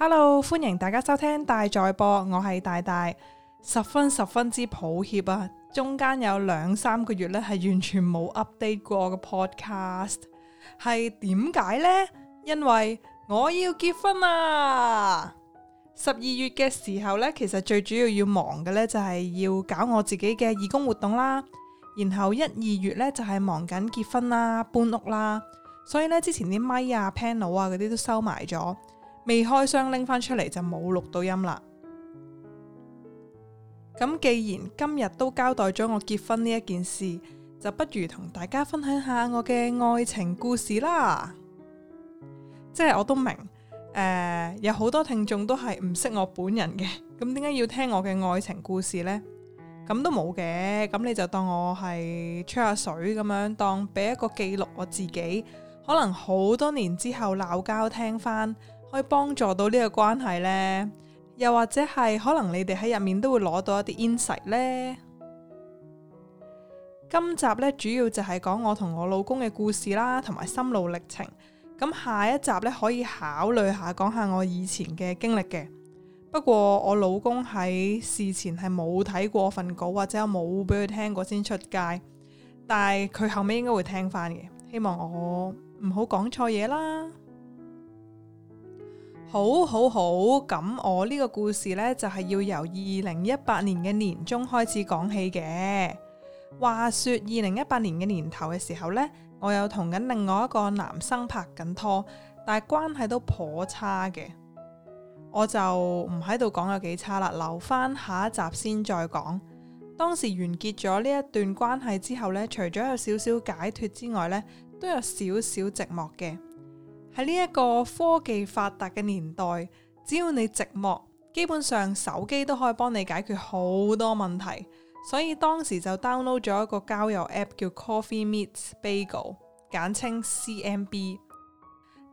hello，歡迎大家收聽大在播，我係大大，十分十分之抱歉啊，中間有兩三個月咧，係完全冇 update 過我嘅 podcast，係點解呢？因為我要結婚啦、啊，十二月嘅時候咧，其實最主要要忙嘅咧就係、是、要搞我自己嘅義工活動啦，然後一二月咧就係、是、忙緊結婚啦、搬屋啦，所以咧之前啲咪啊、panel 啊嗰啲都收埋咗。未開箱拎翻出嚟，就冇錄到音啦。咁既然今日都交代咗我結婚呢一件事，就不如同大家分享下我嘅愛情故事啦。即係我都明，誒、呃，有好多聽眾都係唔識我本人嘅，咁點解要聽我嘅愛情故事呢？咁都冇嘅，咁你就當我係吹下水咁樣，當俾一個記錄我自己，可能好多年之後鬧交聽翻，可以幫助到呢個關係呢，又或者係可能你哋喺入面都會攞到一啲 insight 呢。今集呢，主要就係講我同我老公嘅故事啦，同埋心路歷程。咁下一集呢，可以考慮下講下我以前嘅經歷嘅。不過我老公喺事前係冇睇過份稿或者我冇俾佢聽過先出街，但係佢後尾應該會聽翻嘅。希望我唔好講錯嘢啦。好好好，咁我呢個故事呢，就係要由二零一八年嘅年終開始講起嘅。話說二零一八年嘅年頭嘅時候呢，我有同緊另外一個男生拍緊拖，但係關係都頗差嘅，我就唔喺度講有幾差啦，留翻下一集先再講。當時完結咗呢一段關係之後呢，除咗有少少解脫之外呢，都有少少寂寞嘅。喺呢一個科技發達嘅年代，只要你寂寞，基本上手機都可以幫你解決好多問題。所以當時就 download 咗一個交友 app 叫 Coffee Meets Bagel，簡稱 CMB。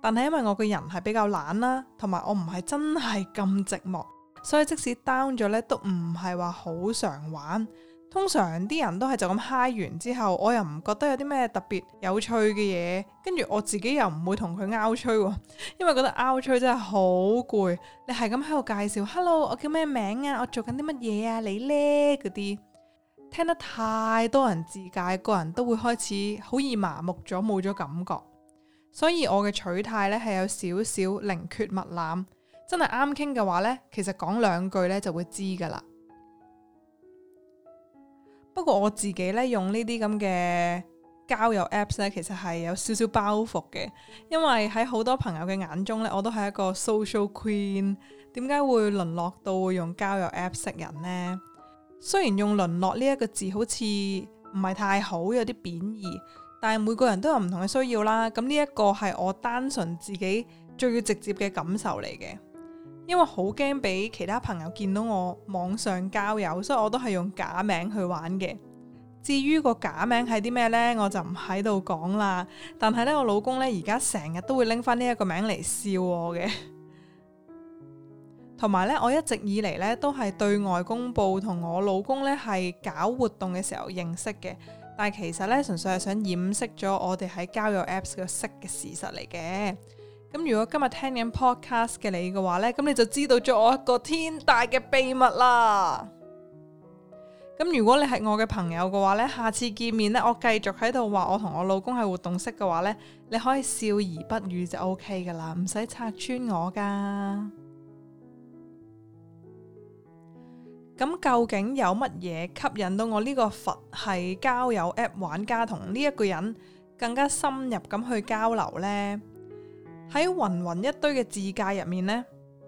但係因為我個人係比較懶啦，同埋我唔係真係咁寂寞，所以即使 download 咗咧，都唔係話好常玩。通常啲人都係就咁嗨完之後，我又唔覺得有啲咩特別有趣嘅嘢，跟住我自己又唔會同佢拗吹喎，因為覺得拗吹真係好攰。你係咁喺度介紹，「Hello，我叫咩名啊，我做緊啲乜嘢啊，你呢？」嗰啲，聽得太多人自介，個人都會開始好易麻木咗，冇咗感覺。所以我嘅取態咧係有少少寧缺勿濫，真係啱傾嘅話咧，其實講兩句咧就會知噶啦。不過我自己咧用呢啲咁嘅交友 Apps 咧，其實係有少少包袱嘅，因為喺好多朋友嘅眼中咧，我都係一個 social queen，點解會淪落到會用交友 Apps 識人呢？雖然用淪落呢一個字好似唔係太好，有啲貶義，但係每個人都有唔同嘅需要啦。咁呢一個係我單純自己最直接嘅感受嚟嘅。因為好驚俾其他朋友見到我網上交友，所以我都係用假名去玩嘅。至於個假名係啲咩呢？我就唔喺度講啦。但係咧，我老公咧而家成日都會拎翻呢一個名嚟笑我嘅。同埋咧，我一直以嚟咧都係對外公布同我老公咧係搞活動嘅時候認識嘅，但係其實咧純粹係想掩飾咗我哋喺交友 apps 個識嘅事實嚟嘅。咁如果今日聽緊 podcast 嘅你嘅話呢，咁你就知道咗我一個天大嘅秘密啦。咁如果你係我嘅朋友嘅話呢，下次見面呢，我繼續喺度話我同我老公係活動式嘅話呢，你可以笑而不語就 OK 噶啦，唔使拆穿我噶。咁究竟有乜嘢吸引到我呢個佛係交友 app 玩家同呢一個人更加深入咁去交流呢？喺芸芸一堆嘅自介入面呢，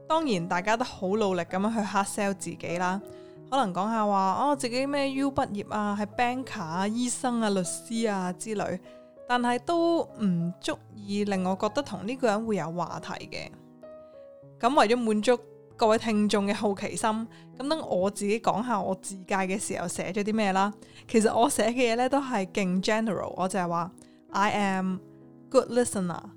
當然大家都好努力咁樣去 hard sell 自己啦。可能講下話哦，自己咩 U 畢業啊，係 banker 啊，醫生啊，律師啊之類，但係都唔足以令我覺得同呢個人會有話題嘅。咁為咗滿足各位聽眾嘅好奇心，咁等我自己講下我自介嘅時候寫咗啲咩啦。其實我寫嘅嘢咧都係勁 general，我就係話 I am good listener。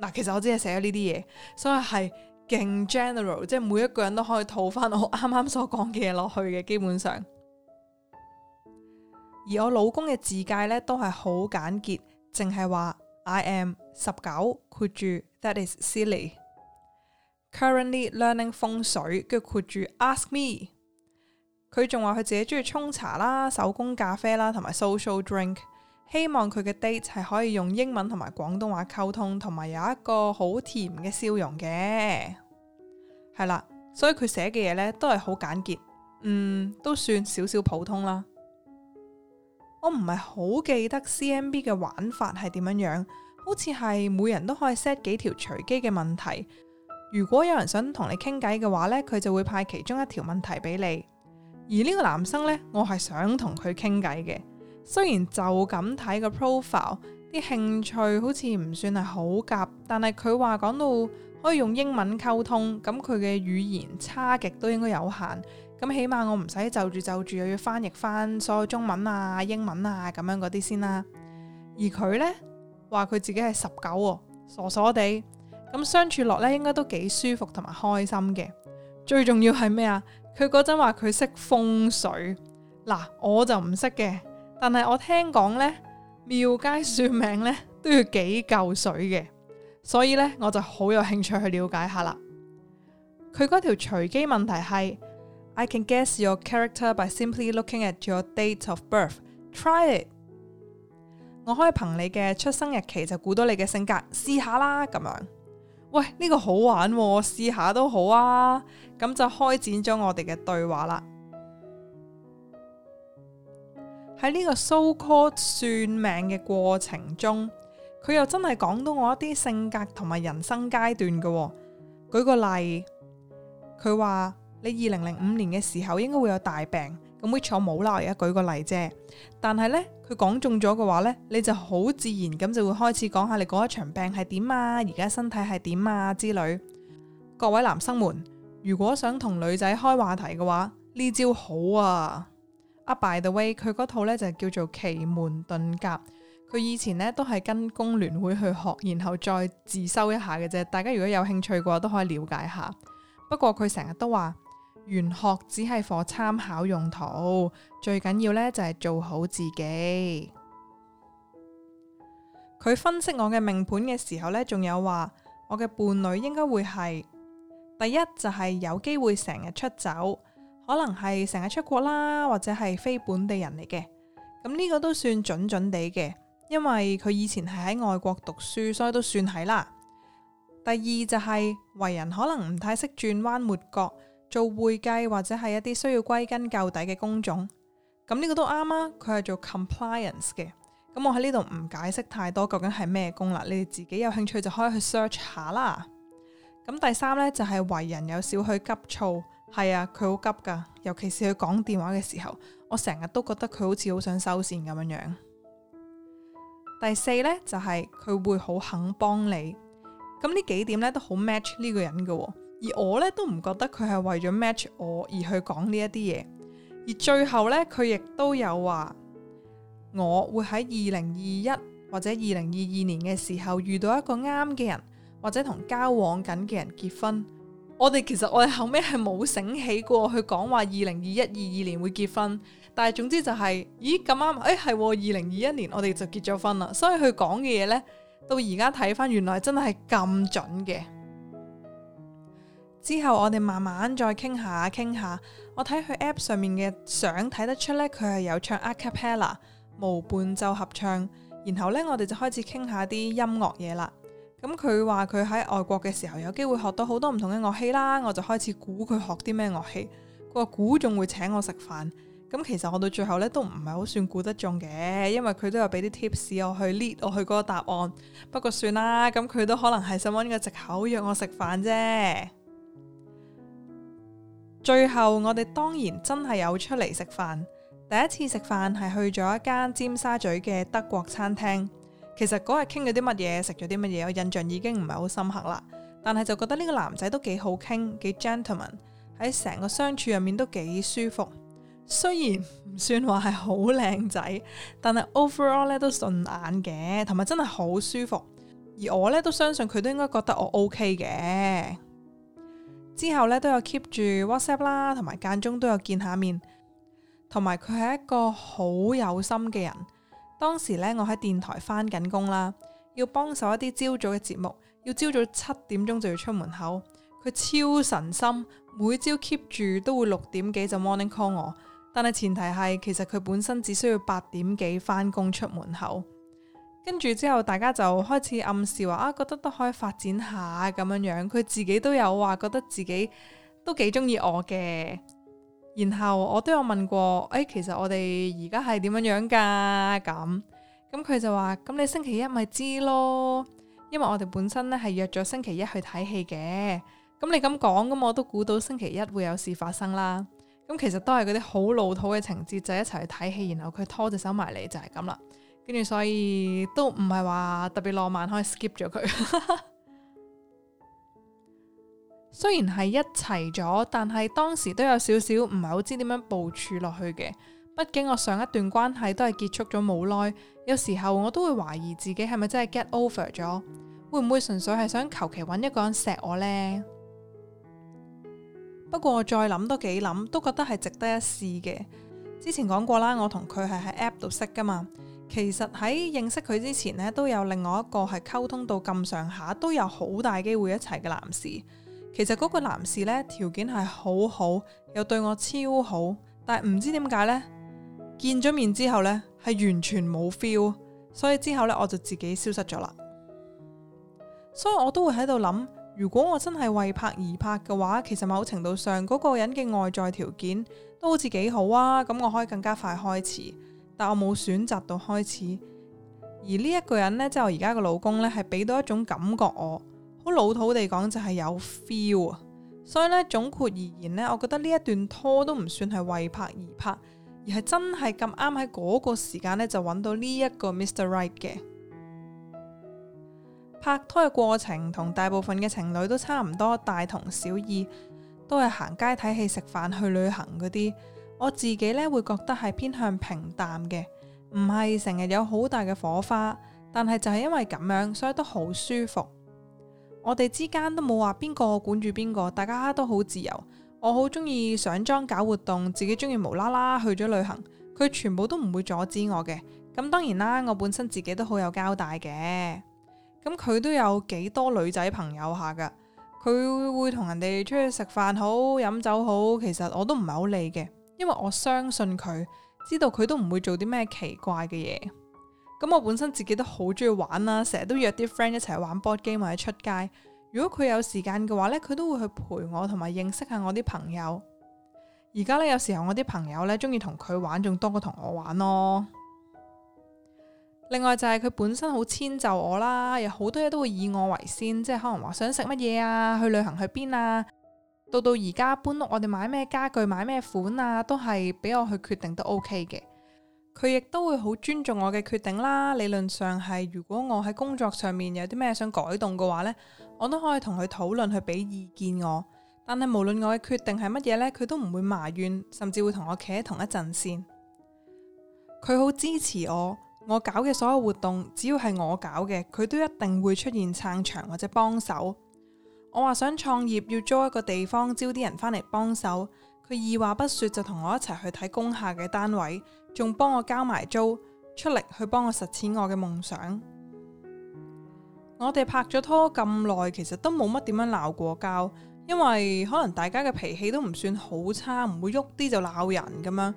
嗱，其實我只係寫咗呢啲嘢，所以係勁 general，即係每一個人都可以套翻我啱啱所講嘅嘢落去嘅基本上。而我老公嘅自介呢，都係好簡潔，淨係話 I am 十九，括住 That is silly，currently learning 風水，跟住括住 Ask me。佢仲話佢自己中意沖茶啦、手工咖啡啦同埋 social drink。希望佢嘅 date 係可以用英文同埋廣東話溝通，同埋有一個好甜嘅笑容嘅，係啦。所以佢寫嘅嘢呢都係好簡潔，嗯，都算少少普通啦。我唔係好記得 CMB 嘅玩法係點樣樣，好似係每人都可以 set 幾條隨機嘅問題。如果有人想同你傾偈嘅話呢，佢就會派其中一條問題俾你。而呢個男生呢，我係想同佢傾偈嘅。雖然就咁睇個 profile，啲興趣好似唔算係好夾，但係佢話講到可以用英文溝通，咁佢嘅語言差極都應該有限，咁起碼我唔使就住就住又要翻譯翻所有中文啊、英文啊咁樣嗰啲先啦、啊。而佢呢，話佢自己係十九喎，傻傻地，咁相處落呢應該都幾舒服同埋開心嘅。最重要係咩啊？佢嗰陣話佢識風水，嗱我就唔識嘅。但係我聽講呢，廟街算命呢都要幾嚿水嘅，所以呢，我就好有興趣去了解下啦。佢嗰條隨機問題係，I can guess your character by simply looking at your date of birth. Try it。我可以憑你嘅出生日期就估到你嘅性格，試下啦咁樣。喂，呢個好玩喎，試下都好啊。咁就開展咗我哋嘅對話啦。喺呢個 so called 算命嘅過程中，佢又真係講到我一啲性格同埋人生階段嘅喎。舉個例，佢話你二零零五年嘅時候應該會有大病，咁會坐冇耐啊。舉個例啫，但係呢，佢講中咗嘅話呢，你就好自然咁就會開始講下你嗰一場病係點啊，而家身體係點啊之類。各位男生們，如果想同女仔開話題嘅話，呢招好啊！Uh, by the way，佢嗰套呢就叫做奇門遁甲，佢以前呢都係跟工聯會去學，然後再自修一下嘅啫。大家如果有興趣嘅話，都可以了解下。不過佢成日都話，玄學只係課參考用途，最緊要呢就係、是、做好自己。佢 分析我嘅命盤嘅時候呢，仲有話我嘅伴侶應該會係第一就係、是、有機會成日出走。可能係成日出國啦，或者係非本地人嚟嘅，咁呢個都算準準地嘅，因為佢以前係喺外國讀書，所以都算係啦。第二就係為人可能唔太識轉彎抹角，做會計或者係一啲需要歸根究底嘅工種，咁呢個都啱啊。佢係做 compliance 嘅，咁我喺呢度唔解釋太多，究竟係咩工啦。你哋自己有興趣就可以去 search 下啦。咁第三呢，就係為人有少許急躁。係啊，佢好急噶，尤其是佢講電話嘅時候，我成日都覺得佢好似好想收線咁樣樣。第四呢，就係、是、佢會好肯幫你，咁呢幾點呢，都好 match 呢個人噶、哦，而我呢，都唔覺得佢係為咗 match 我而去講呢一啲嘢。而最後呢，佢亦都有話我會喺二零二一或者二零二二年嘅時候遇到一個啱嘅人，或者同交往緊嘅人結婚。我哋其實我哋後尾係冇醒起過佢講話二零二一、二二年會結婚，但係總之就係、是，咦咁啱，誒係二零二一年我哋就結咗婚啦。所以佢講嘅嘢呢，到而家睇返，原來真係咁準嘅。之後我哋慢慢再傾下，傾下。我睇佢 app 上面嘅相睇得出呢，佢係有唱 a cappella 無伴奏合唱，然後呢，我哋就開始傾下啲音樂嘢啦。咁佢話佢喺外國嘅時候有機會學到好多唔同嘅樂器啦，我就開始估佢學啲咩樂器。佢話估仲會請我食飯。咁其實我到最後咧都唔係好算估得中嘅，因為佢都有俾啲 tips 我去 lead 我去嗰個答案。不過算啦，咁佢都可能係想搵個藉口約我食飯啫。最後我哋當然真係有出嚟食飯。第一次食飯係去咗一間尖沙咀嘅德國餐廳。其實嗰日傾咗啲乜嘢，食咗啲乜嘢，我印象已經唔係好深刻啦。但係就覺得呢個男仔都幾好傾，幾 gentleman，喺成個相處入面都幾舒服。雖然唔算話係好靚仔，但係 overall 咧都順眼嘅，同埋真係好舒服。而我咧都相信佢都應該覺得我 OK 嘅。之後咧都有 keep 住 WhatsApp 啦，同埋間中都有見下面，同埋佢係一個好有心嘅人。當時咧，我喺電台翻緊工啦，要幫手一啲朝早嘅節目，要朝早七點鐘就要出門口。佢超神心，每朝 keep 住都會六點幾就 morning call 我。但係前提係，其實佢本身只需要八點幾翻工出門口。跟住之後，大家就開始暗示話啊，覺得都可以發展下咁樣樣。佢自己都有話，覺得自己都幾中意我嘅。然後我都有問過，誒、哎，其實我哋而家係點樣樣噶？咁咁佢就話，咁、嗯、你星期一咪知咯，因為我哋本身咧係約咗星期一去睇戲嘅。咁、嗯、你咁講，咁、嗯、我都估到星期一會有事發生啦。咁、嗯、其實都係嗰啲好老土嘅情節，就是、一齊去睇戲，然後佢拖隻手埋嚟就係咁啦。跟住所以都唔係話特別浪漫，可以 skip 咗佢。 雖然係一齊咗，但係當時都有少少唔係好知點樣部署落去嘅。畢竟我上一段關係都係結束咗冇耐，有時候我都會懷疑自己係咪真係 get over 咗，會唔會純粹係想求其揾一個人錫我呢？不過我再諗都幾諗，都覺得係值得一試嘅。之前講過啦，我同佢係喺 App 度識噶嘛。其實喺認識佢之前呢，都有另外一個係溝通到咁上下，都有好大機會一齊嘅男士。其實嗰個男士呢，條件係好好，又對我超好，但係唔知點解呢？見咗面之後呢，係完全冇 feel，所以之後呢，我就自己消失咗啦。所以我都會喺度諗，如果我真係為拍而拍嘅話，其實某程度上嗰個人嘅外在條件都好似幾好啊，咁我可以更加快開始，但我冇選擇到開始。而呢一個人呢，即係我而家嘅老公呢，係俾到一種感覺我。老土地講就係有 feel 啊，所以呢總括而言呢，我覺得呢一段拖都唔算係為拍而拍，而係真係咁啱喺嗰個時間呢，就搵到呢一個 Mr. Right。嘅拍拖嘅過程，同大部分嘅情侶都差唔多，大同小異，都係行街睇戲、食飯、去旅行嗰啲。我自己呢會覺得係偏向平淡嘅，唔係成日有好大嘅火花，但係就係因為咁樣，所以都好舒服。我哋之間都冇話邊個管住邊個，大家都好自由。我好中意上莊，搞活動，自己中意無啦啦去咗旅行，佢全部都唔會阻止我嘅。咁當然啦，我本身自己都好有交代嘅。咁佢都有幾多女仔朋友下㗎，佢會同人哋出去食飯好、飲酒好，其實我都唔係好理嘅，因為我相信佢，知道佢都唔會做啲咩奇怪嘅嘢。咁我本身自己都好中意玩啦，成日都約啲 friend 一齊玩 board game 或者出街。如果佢有時間嘅話呢，佢都會去陪我同埋認識下我啲朋友。而家呢，有時候我啲朋友呢，中意同佢玩，仲多過同我玩咯。另外就係佢本身好遷就我啦，有好多嘢都會以我為先，即係可能話想食乜嘢啊，去旅行去邊啊，到到而家搬屋，我哋買咩家具買咩款啊，都係俾我去決定都 OK 嘅。佢亦都會好尊重我嘅決定啦。理論上係，如果我喺工作上面有啲咩想改動嘅話呢，我都可以同佢討論，去俾意見我。但係無論我嘅決定係乜嘢呢，佢都唔會埋怨，甚至會同我企喺同一陣線。佢好支持我，我搞嘅所有活動，只要係我搞嘅，佢都一定會出現撐場或者幫手。我話想創業，要租一個地方，招啲人翻嚟幫手。佢二話不說就同我一齊去睇工廈嘅單位，仲幫我交埋租，出力去幫我實踐我嘅夢想。 我哋拍咗拖咁耐，其實都冇乜點樣鬧過交，因為可能大家嘅脾氣都唔算好差，唔會喐啲就鬧人咁樣。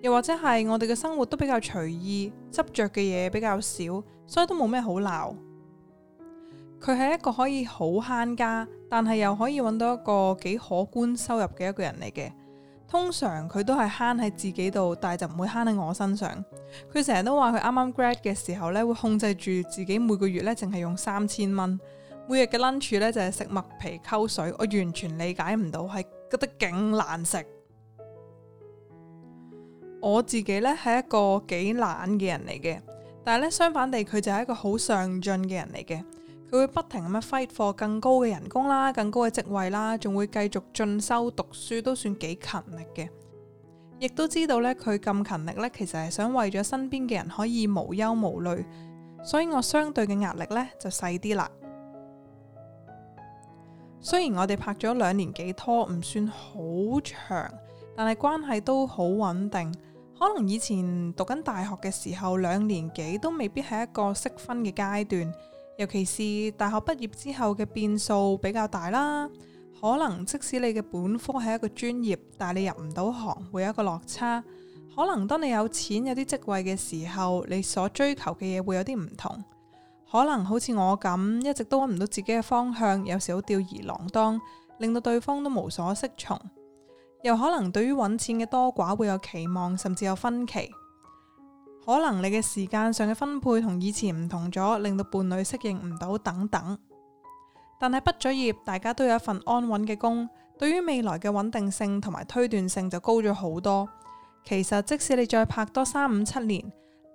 又或者係我哋嘅生活都比較隨意，執着嘅嘢比較少，所以都冇咩好鬧。佢係一個可以好慳家，但係又可以搵到一個幾可觀收入嘅一個人嚟嘅。通常佢都係慳喺自己度，但係就唔會慳喺我身上。佢成日都話佢啱啱 grad 嘅時候咧，會控制住自己每個月咧淨係用三千蚊，每日嘅 lunch 咧就係食麥皮溝水。我完全理解唔到，係覺得勁難食。我自己咧係一個幾懶嘅人嚟嘅，但係咧相反地，佢就係一個好上進嘅人嚟嘅。佢會不停咁樣 fight for 更高嘅人工啦，更高嘅職位啦，仲會繼續進修讀書，都算幾勤力嘅。亦都知道呢，佢咁勤力呢，其實係想為咗身邊嘅人可以無憂無慮，所以我相對嘅壓力呢，就細啲啦。雖然我哋拍咗兩年幾拖，唔算好長，但係關係都好穩定。可能以前讀緊大學嘅時候，兩年幾都未必係一個適婚嘅階段。尤其是大學畢業之後嘅變數比較大啦，可能即使你嘅本科係一個專業，但係你入唔到行會有一個落差。可能當你有錢有啲職位嘅時候，你所追求嘅嘢會有啲唔同。可能好似我咁，一直都搵唔到自己嘅方向，有時好吊兒郎當，令到對方都無所適從。又可能對於搵錢嘅多寡會有期望，甚至有分歧。可能你嘅時間上嘅分配同以前唔同咗，令到伴侶適應唔到等等。但係畢咗業，大家都有一份安穩嘅工，對於未來嘅穩定性同埋推斷性就高咗好多。其實即使你再拍多三五七年，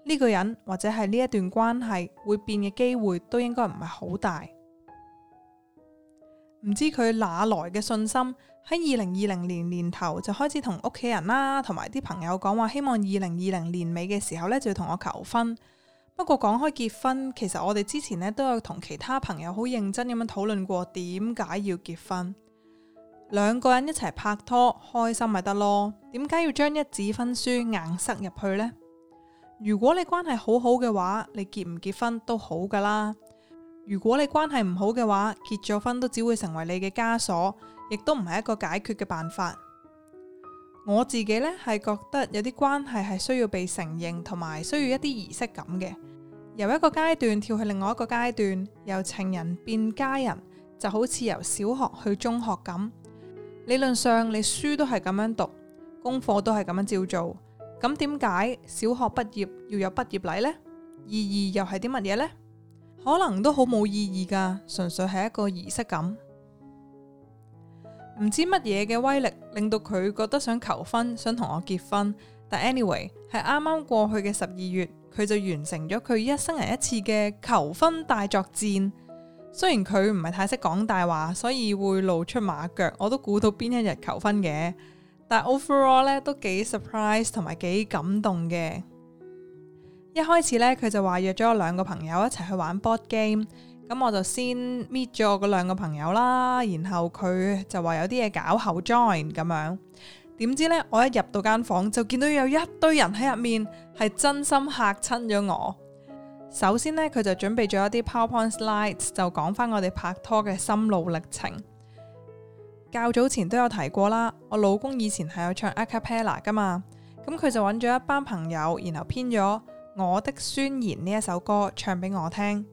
呢個人或者係呢一段關係會變嘅機會都應該唔係好大。唔知佢哪來嘅信心，喺二零二零年年頭就開始同屋企人啦，同埋啲朋友講話，希望二零二零年尾嘅時候呢，就要同我求婚。不過講開結婚，其實我哋之前呢，都有同其他朋友好認真咁樣討論過，點解要結婚？兩個人一齊拍拖，開心咪得咯？點解要將一紙婚書硬塞入去呢？如果你關係好好嘅話，你結唔結婚都好噶啦。如果你關係唔好嘅話，結咗婚都只會成為你嘅枷鎖，亦都唔係一個解決嘅辦法。我自己呢，係覺得有啲關係係需要被承認，同埋需要一啲儀式感嘅。由一個階段跳去另外一個階段，由情人變家人，就好似由小學去中學咁。理論上你書都係咁樣讀，功課都係咁樣照做，咁點解小學畢業要有畢業禮呢？意義又係啲乜嘢呢？可能都好冇意義噶，純粹係一個儀式感。唔知乜嘢嘅威力令到佢覺得想求婚，想同我結婚。但 anyway，係啱啱過去嘅十二月，佢就完成咗佢一生人一次嘅求婚大作戰。雖然佢唔係太識講大話，所以會露出馬腳，我都估到邊一日求婚嘅。但 overall 咧，都幾 surprise 同埋幾感動嘅。一開始咧，佢就話約咗我兩個朋友一齊去玩 board game，咁我就先 meet 咗我嗰兩個朋友啦，然後佢就話有啲嘢搞後 join 咁樣。點知呢？我一入到間房就見到有一堆人喺入面，係真心吓親咗我。首先呢，佢就準備咗一啲 powerpoint slides，就講翻我哋拍拖嘅心路歷程。較早前都有提過啦，我老公以前係有唱 acapella 噶嘛，咁佢就揾咗一班朋友，然後編咗。我的宣言呢一首歌唱俾我聽，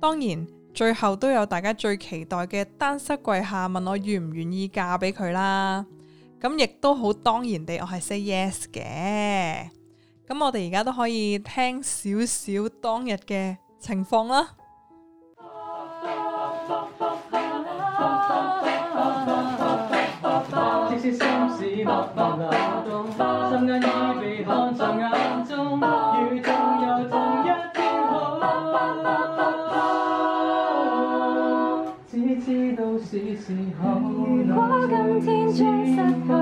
當然最後都有大家最期待嘅單膝跪下問我願唔願意嫁俾佢啦，咁、嗯、亦都好當然地我係 say yes 嘅，咁、嗯、我哋而家都可以聽少少當日嘅情況啦。 嗯嗯嗯如果今天將失去。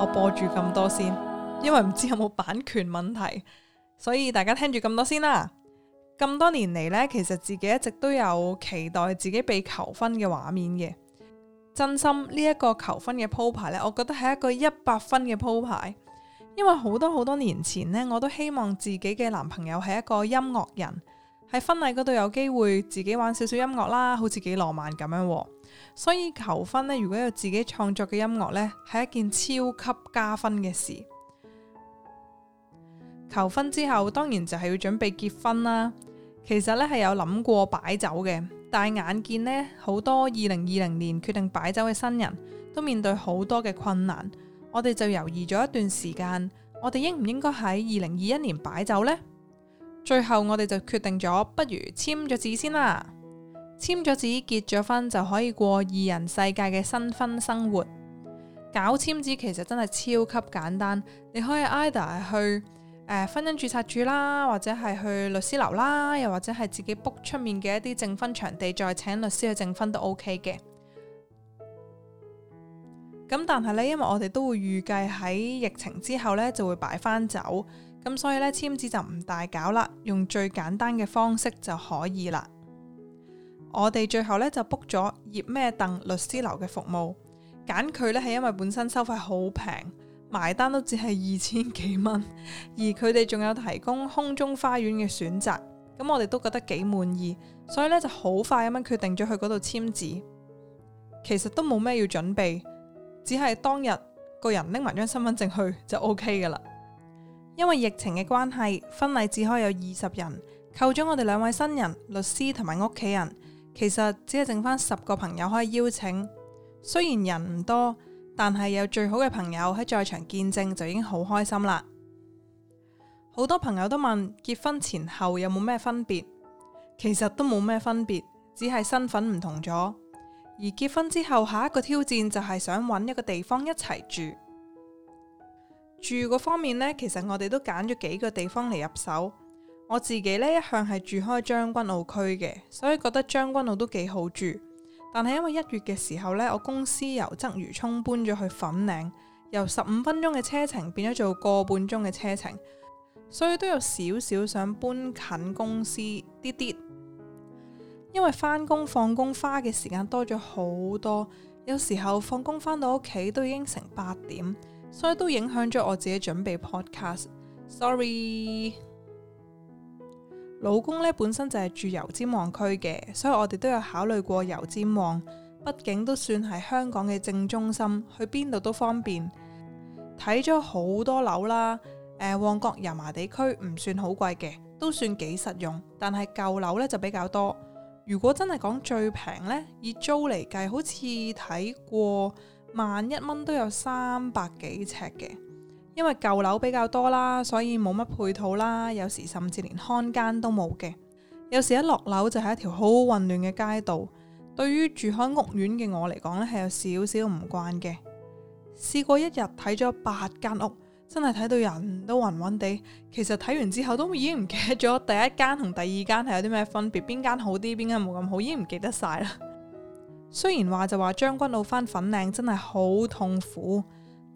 我播住咁多先，因為唔知有冇版權問題，所以大家聽住咁多先啦。咁多年嚟呢，其實自己一直都有期待自己被求婚嘅畫面嘅。真心呢一個求婚嘅鋪排呢，我覺得係一個一百分嘅鋪排，因為好多好多年前呢，我都希望自己嘅男朋友係一個音樂人，喺婚禮嗰度有機會自己玩少少音樂啦，好似幾浪漫咁樣。所以求婚呢，如果有自己創作嘅音樂呢，係一件超級加分嘅事。求婚之後，當然就係要準備結婚啦。其實呢，係有諗過擺酒嘅，但係眼見呢，好多二零二零年決定擺酒嘅新人，都面對好多嘅困難，我哋就猶豫咗一段時間，我哋應唔應該喺二零二一年擺酒呢？最後我哋就決定咗，不如簽咗字先啦。簽咗紙結咗婚就可以過二人世界嘅新婚生活。搞簽紙其實真係超級簡單，你可以 either 去誒、呃、婚姻註冊處啦，或者係去律師樓啦，又或者係自己 book 出面嘅一啲證婚場地，再請律師去證婚都 OK 嘅。咁但係呢，因為我哋都會預計喺疫情之後呢就會擺翻酒，咁所以呢，簽紙就唔大搞啦，用最簡單嘅方式就可以啦。 我哋最後咧就 book 咗葉咩鄧律師樓嘅服務，揀佢咧係因為本身收費好平，埋單都只係二千幾蚊，而佢哋仲有提供空中花園嘅選擇，咁我哋都覺得幾滿意，所以咧就好快咁樣決定咗去嗰度簽字。其實都冇咩要準備，只係當日個人拎埋張身份證去就 OK 噶啦。因為疫情嘅關係，婚禮只可以有二十人，扣咗我哋兩位新人、律師同埋屋企人。其實只係剩翻十個朋友可以邀請，雖然人唔多，但係有最好嘅朋友喺在，在場見證就已經好開心啦。好多朋友都問結婚前後有冇咩分別？其實都冇咩分別，只係身份唔同咗。而結婚之後下一個挑戰就係想揾一個地方一齊住。住嗰方面呢，其實我哋都揀咗幾個地方嚟入手。我自己呢一向係住開將軍澳區嘅，所以覺得將軍澳都幾好住。但係因為一月嘅時候呢，我公司由鰂魚涌搬咗去粉嶺，由十五分鐘嘅車程變咗做個半鐘嘅車程，所以都有少少想搬近公司啲啲，因為返工放工花嘅時間多咗好多，有時候放工返到屋企都已經成八點，所以都影響咗我自己準備 podcast。Sorry。老公咧，本身就係住油尖旺區嘅，所以我哋都有考慮過油尖旺，畢竟都算係香港嘅正中心，去邊度都方便。睇咗好多樓啦，呃，旺角油麻地區唔算好貴嘅，都算幾實用，但係舊樓呢就比較多。如果真係講最平呢，以租嚟計，好似睇過萬一蚊都有三百幾尺嘅。因為舊樓比較多啦，所以冇乜配套啦，有時甚至連看間都冇嘅。有時一落樓就係一條好混亂嘅街道，對於住開屋苑嘅我嚟講咧，係有少少唔慣嘅。試過一日睇咗八間屋，真係睇到人都暈暈地。其實睇完之後都已經唔記得咗第一間同第二間係有啲咩分別，邊間好啲，邊間冇咁好，已經唔記得晒啦。雖然話就話將軍澳返粉嶺真係好痛苦。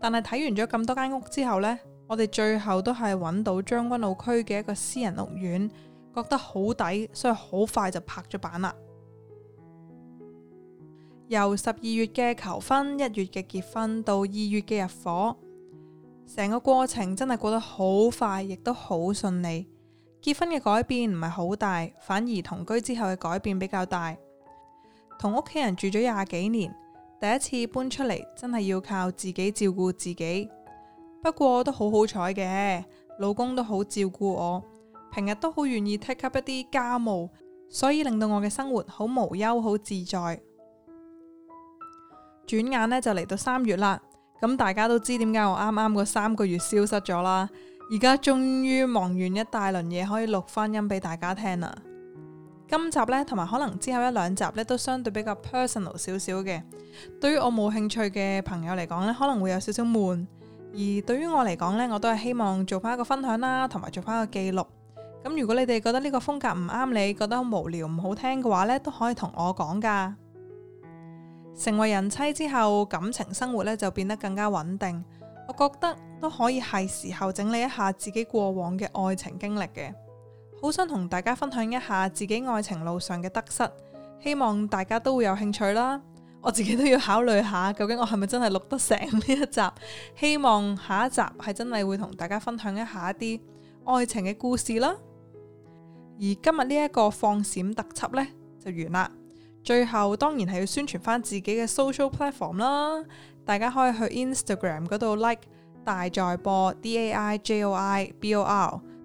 但係睇完咗咁多間屋之後呢，我哋最後都係揾到將軍澳區嘅一個私人屋苑，覺得好抵，所以好快就拍咗板啦。由十二月嘅求婚，一月嘅結婚，到二月嘅入伙，成個過程真係過得好快，亦都好順利。結婚嘅改變唔係好大，反而同居之後嘅改變比較大。同屋企人住咗廿幾年。第一次搬出嚟，真係要靠自己照顧自己。不過都好好彩嘅，老公都好照顧我，平日都好願意 take up 一啲家務，所以令到我嘅生活好無憂，好自在。轉眼呢就嚟到三月啦，咁大家都知點解我啱啱嗰三個月消失咗啦，而家終於忙完一大輪嘢，可以錄翻音俾大家聽啦。今集呢，同埋可能之後一兩集呢，都相對比較 personal 少少嘅。對於我冇興趣嘅朋友嚟講呢，可能會有少少悶。而對於我嚟講呢，我都係希望做翻一個分享啦，同埋做翻一個記錄。咁如果你哋覺得呢個風格唔啱你，覺得無聊唔好聽嘅話呢，都可以同我講噶。成為人妻之後，感情生活呢就變得更加穩定。我覺得都可以係時候整理一下自己過往嘅愛情經歷嘅。好想同大家分享一下自己愛情路上嘅得失，希望大家都會有興趣啦。我自己都要考慮下，究竟我係咪真係錄得成呢一集？希望下一集係真係會同大家分享一下一啲愛情嘅故事啦。而今日呢一個放閃特輯呢就完啦。最後當然係要宣傳翻自己嘅 social platform 啦，大家可以去 Instagram 嗰度 like 大在播 D A I J O I B O R。